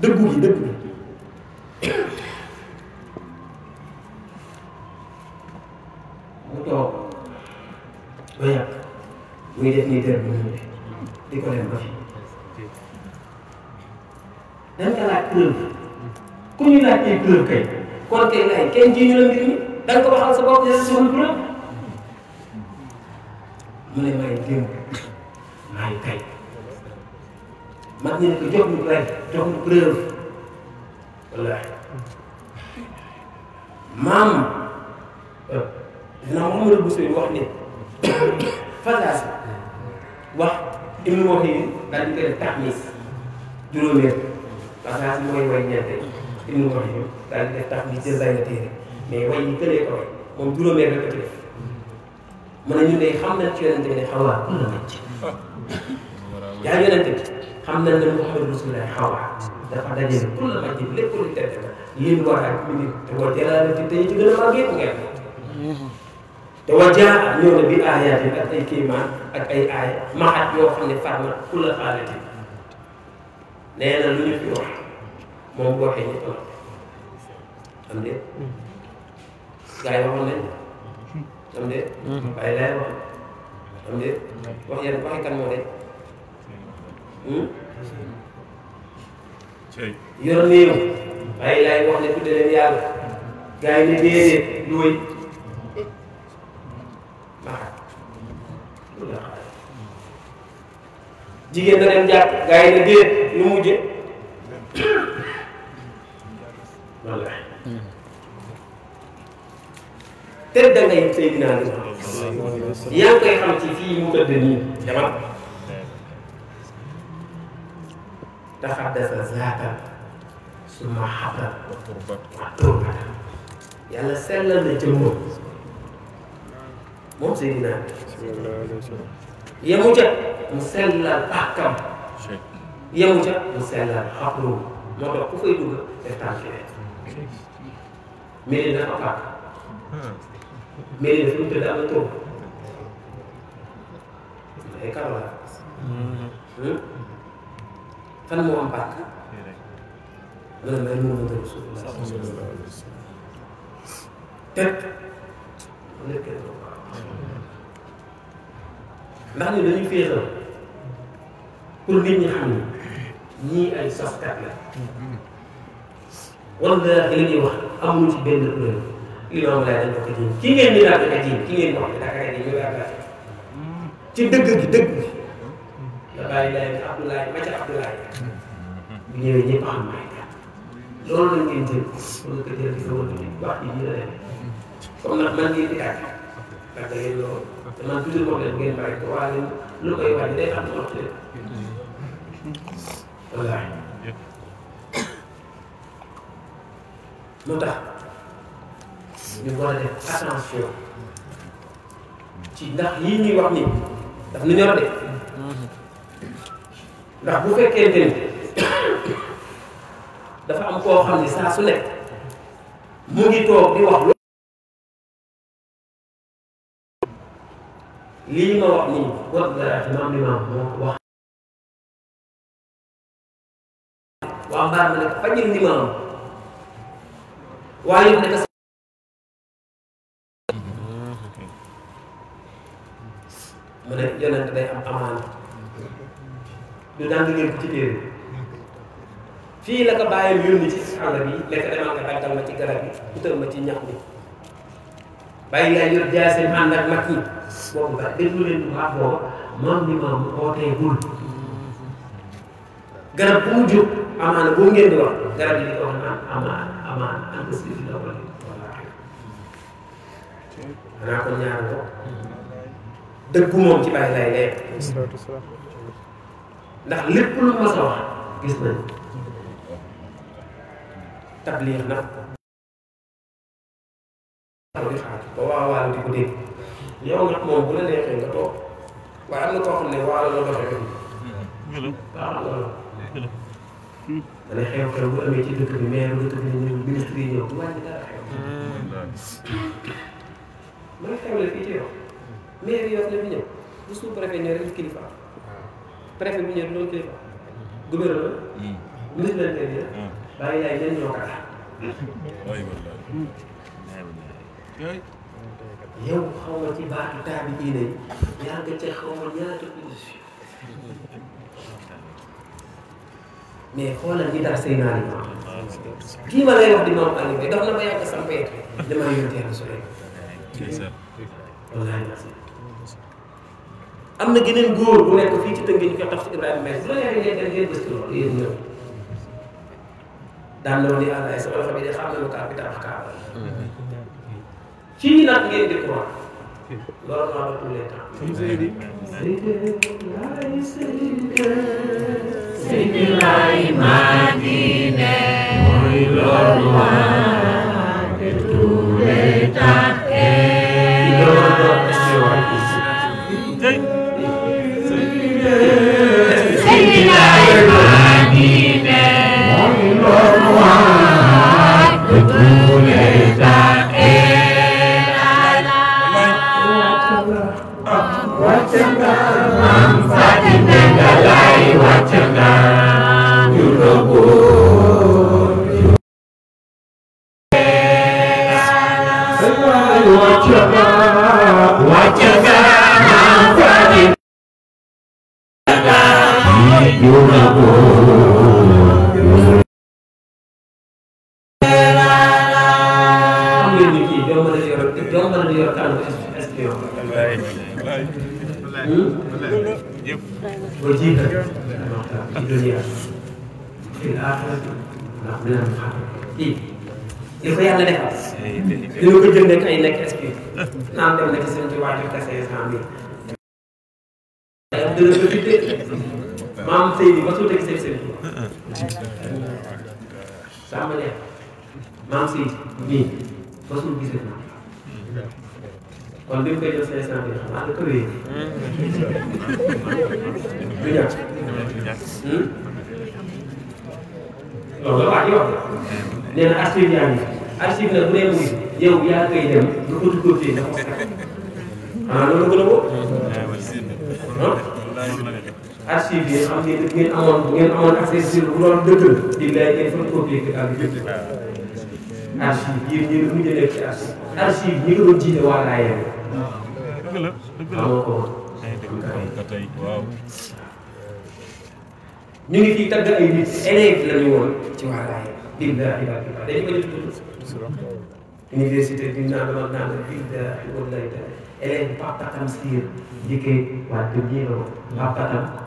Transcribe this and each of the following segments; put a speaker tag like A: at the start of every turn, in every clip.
A: dëggu gi dëggu gi mu toog ba yàgg muy def nii dër bu Đi ne di ko dem ba fi dañ ko laaj preuve ku ñu laaj ay preuve kay kon kay ngay kenn ji ñu la mbir mi da nga ko waxal sa bopp ne soxla preuve mu ne may mag ñu ne ko jox ñu preuve jox ñu preuve wallaahi maam dina Mouhamadou Bousso wax ne Fatas wax im wax yi daal di koy def taxmis juróomeel Fatas mooy way ñeente im wax yi daal di def taxmis jël bay na téere mais way yi tëlee moom juróomeel rek ko ci ñu ne xam nañ ci yonente bi ne xaw laa la nañ xam nañ ne Muhammad Rasulullah xawaat dafa daje ku la ma jëm lépp lu tedd lii war ak minit te wa jalaalati tey ci gën a mag yëpp ngeen te wa jaa ñëw na bi aayaat yi ak ay kéemaan ak ay aay maxat yoo xam ne farma ku la xaalati nee na lu ñu fi wax moom boo waxee ñëpp la am de gars yi waxoon nañ am de waaye laay wax am de wax yan waxi kan moo de hmm? yor néew bàyyi laay wax ne tudde leen yàlla gars yi ne déedéet du wëy ah. jigéen da dem jàpp gars yi ne déet lu mujje wallaahi tëdd da ngay Seydina yaa ngi xam ci fii mu tëdd nii demal taxaddasa zaatan summa xatan wa turbatan yàlla sellal na jëmmam moom Seydina yemu ca mu sellal pàkkam yemu ca mu sellal xabru moo tax ku fay dugg def tànk meli na fa pàkk na fi mu tëdd am na tur ay karo fan moo am pàkk
B: loolu mooy Muhammadu Rasulullah
A: teg ndax ñu dañuy féexal pour nit ñi xam ne ñii ay safkat la wallaahi li ñuy wax amuñu ci benn kuréel li
B: doom laay dañ ko diin ki ngeen di dàgg ak diin ki
A: ngeen di wax dàgg ak diin ñu ci dëgg gi dëgg gi Biden đây ba ca lại ñëwee ñëpp xam lại loolu như ngeen jël rồi ờ, lên ko jël tôi cứ wër wax ji ji la demee đây nag man ngeen di àgg ak da ngeen loolu te man toujours moom leen ngeen bàyyi ko waaye lu koy wàññi day am ndox rồi wallaahi moo tax ñu war a def attention ci ndax yii ñuy wax nii daf na ñor de ndax bu fekkente ni dafa am koo xam ne saa su nekk mu ngi toog di wax
B: lii ma wax nii wat dara imaam limaam na
A: nag ñu daan liggéey ko ci téere fii la ko bàyyi yónni ci àll bi nekk demal nga daggal ma ci garab bi utal ma ci ñax bi bàyyi ngay yor jaase ànd ak mag ñi boobu ba déglu leen bu baax boobu maam ni maam ooteegul garab bu mu jóg amaana ngeen di wax garab yi di ko wax naan amaana amaana am si la ko ñaar ko dëggu moom ci bàyyi lay ndax lépp lu mas a gis nag di xaar ba waawaal di ko dégg yow nag moom bu la neexee nga toog waaye am na koo xam ne waalo la xew-xew bu amee ci dëkk bi maire dëkk bi ñëw ministre ñëw bu wàññi dara xew ma ngi xewle fii ci yow maire yi wax na fi ñëw bu sous préfet ñëw rek kilifa préfet bi ñëw loolu kilifa gouverneur hmm. ministre de l'intérieur hmm. bàyyi yaay leen ñoo kata hmm. yow xaw ci baatu taabi diine yi yaa nga ca xaw ma ñaata position mais xoolal ñi dara say naani ma
B: kii ma lay wax di maam
A: Aliou dox na ma yàgg sampee dama yónnee Rasulullah wallaahi am na geneen góor bu nekk fii ci tëngi ñu koy taf si Ibrahima Mbaye bu la nee ngeen dem ngeen gis loolu yéen ñëw daan na ma ni àllaay sama xam na lu kaar bi tabax kaar la
B: nag ngeen di quoi loolu maa ba tous les temps. sëñ bi laay maa di ne mooy dana ko
A: tuddee maam Seydi mosul teg seen seen sàmm neex maam Seydi nii mosul gisee naa kon bi mu koy jox cinq cent mille xam nga ànd kër yi du ñàkk
B: loolu la waa ji wax nee na archive yaa ngi archive nag bu dee muy yow
A: yaa koy dem nga ko dugal fii dafa ko ah loolu gën a wóor archive yi xam ngeen ngeen amoon bu ngeen amoon accès bu doon dëgg di lay ngeen photocopie ak archive yéen ñi mujj def ci archive archive ñi nga doon jiite waa laa yeewu dëgg la dëgg la ko ñu ngi fii tagg ay nit élève la ñu woon ci waa laa yeewu billahi la dañu ko def université di naan ma naan billahi wallahi élève Pape Atam Sire di koy waa dëgg la woon Pape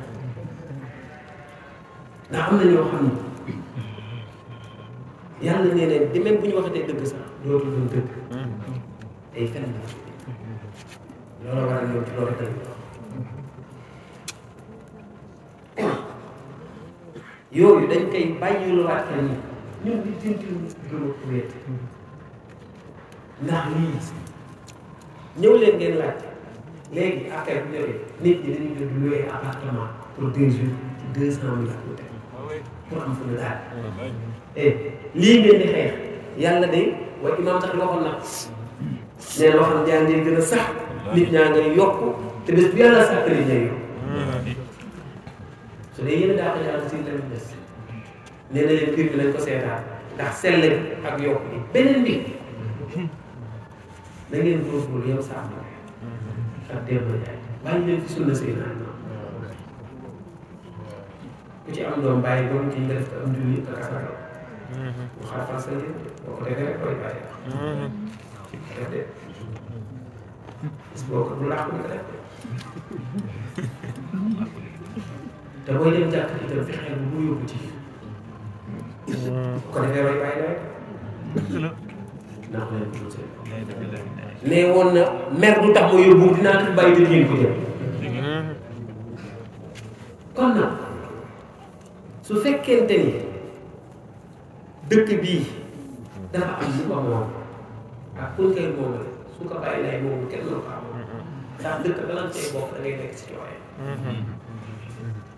A: ndax am na ñoo xam ne yàlla nee na bu ñu waxatee dëgg sax dootul doon dëgg day fen la loolu waral ñëw ci loolu tey yooyu dañ koy bàyyi lu waat xel ñëw leen ngeen laaj léegi affaire bi ñëwee nit ñi dañuy jënd loué appartement pour deux jours ci deux cent mille ak lu pour am fu daal eh lii ngeen di xeex yàlla de waaye imaam sax waxoon na nee na waxam gën a sax nit ñaa ngay yokk te bés bu yàlla sax këri su dee yéen daa ko yàlla si lañu des nee na leen kër bi lañ ko seetaan ndax sell bi ak yokk bi beneen bi na ngeen góorgóorlu yow sàmm ak démb jaay bàyyi leen ci sunna seen ku ci am doom bàyyi doom ci def am jullit ak ak ak bu xaafal sa yéen boo ko defee rek koy bàyyi def de boo ko bu laax ko def de te booy dem jàkk itam fexeel bu mu yóbbu ci bu ko defee roy bàyyi daway ndax leen nee woon na mer du tax ma yóbbu dinaa ko bàyyi da ngeen ko jëm kon nag su fekkente ni dëkk bii dafa am lu ko moom ak pour kay moom la su ko bàyyi lay moom kenn mënu ko amoon ndax dëkk balan cay bokk da ngay nekk ci cooye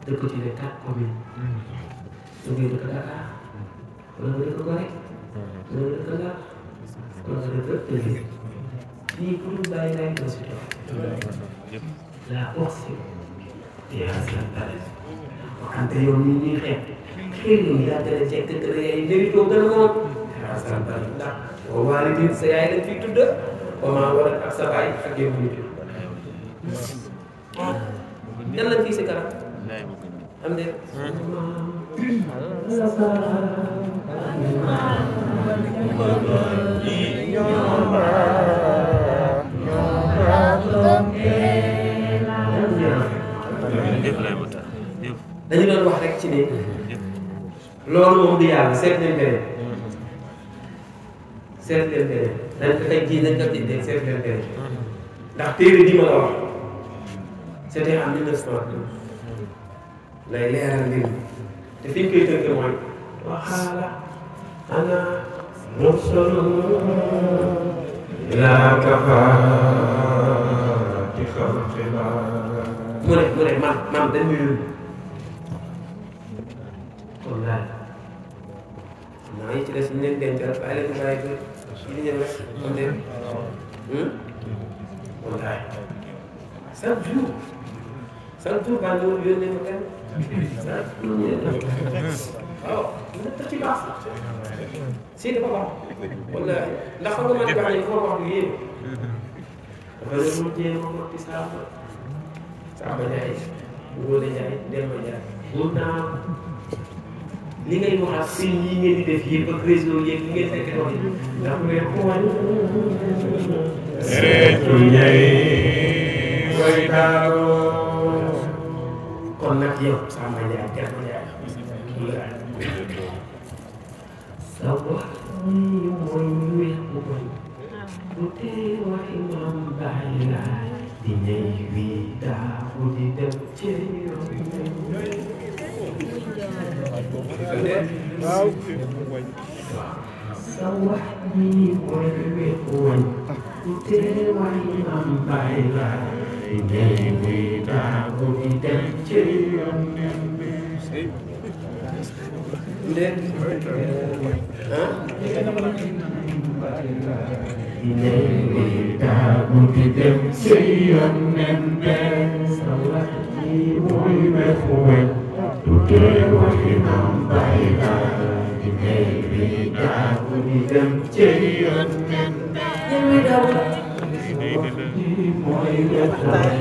A: dëkk ci ne quatre communes su ngay dëkk Dakar wala nga dëkk Gorée wala nga dëkk Ndar wala nga dëkk Tëngéej fii pour bàyyi lay moom si cooye la portion di aslan Anta yow mii ñuy xeex xëy na yow yaa gën a jekk gën a yaay njëriñ yow gën a moom. alhamdulilah waaw waa Louga sa yaay lañ fiy tudd comment war ak sa baay ak yow mii tudd. yan lañ fii si kanam. am de. Thank you. C'est doon wax rek ci C'est moom di yàlla seet beneen seet C'est beneen ko c'est jii ndax téere di ma la wax c'était en mille neuf c'est lay leeral mbir te fi ana والله معي جلس من دين جرب عليك ما يقول إذا جلس من دين والله سب جو سب جو بعد يوم يوم مكان سب أو أنت تجيب عصر سيدي بابا والله لا خذ ما تبعني فوق وعليه فلم يجي مكتسب سامع سامع جاي ولا جاي دم جاي قلنا li ngay wax ak sëñ yi ngeen di def yëpp ak réseau yëpp li ngeen fekk doon ndax bu dee xool. seetu ñay koy daaroo. kon nag yow Samba Ndiaye Thierno Ndiaye. ndax wax yii mooy wéy bu bañ. bu tee waxi maam bàyyi laa di ñëw wii daa di dem. waaw sa wax ji mooy wékkoon te wàññi am bàyyi la day bi daa ko di dem ci
B: yoon nen bi ndeen day bi
A: daa ko di dem ci yoon nen bi sa wax ji
B: mooy wékkoon tuddee ko imam Baye Laay di ngay lii daagu di dem cëy yoon nen di mooy wetal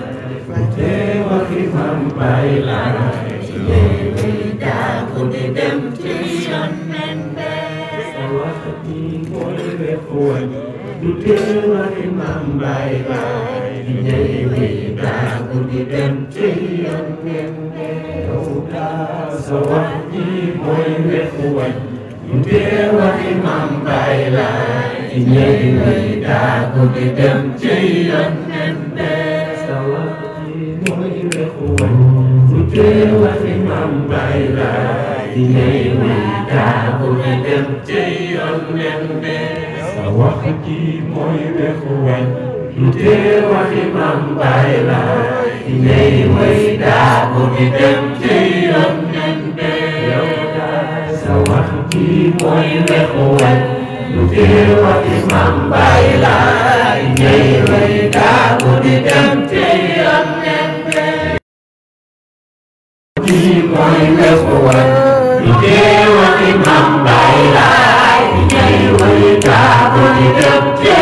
B: tuddee ko imam Baye Laay di ngay lii daagu di dem cëy yoon nen sa wax di mooy wetal tuddee ko imam Baye Laay di ngay lii daagu di dem cëy yoon nen sa wax ji mooy wéq wañ ñu tee waxi maam Baay Laay ñëy lay daa ko di dem ci yonent bi sa
A: wax ji mooy wéq wañ ñu tee waxi maam Baay Laay ñëy lay daa ko di dem ci yonent bi sa wax ji mooy wéq
B: wañ ñu tee waxi maam Baay Laay ngày quay đã một niềm đêm chi ân nhân đê sao mắt chi quay về quên lúc kia hoa thì mang bay lại ngày quay đã một niềm đêm chi ân nhân đê chi quay về quên lúc kia hoa thì mang bay lại ngày quay đã một niềm đêm chi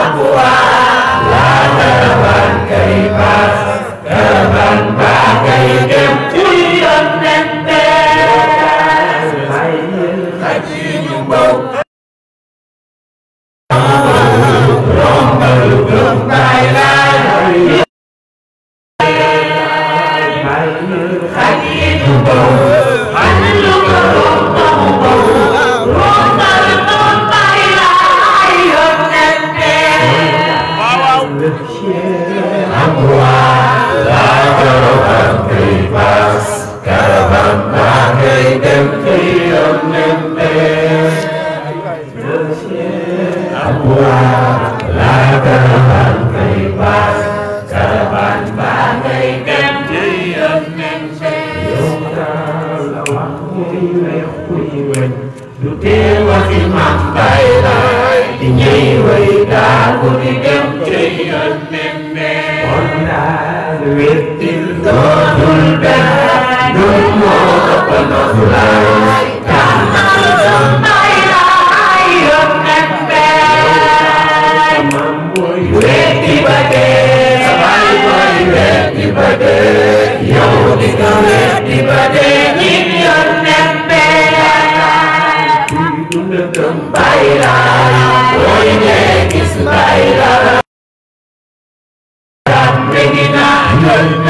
B: Abuwa la taban kaifa Amém.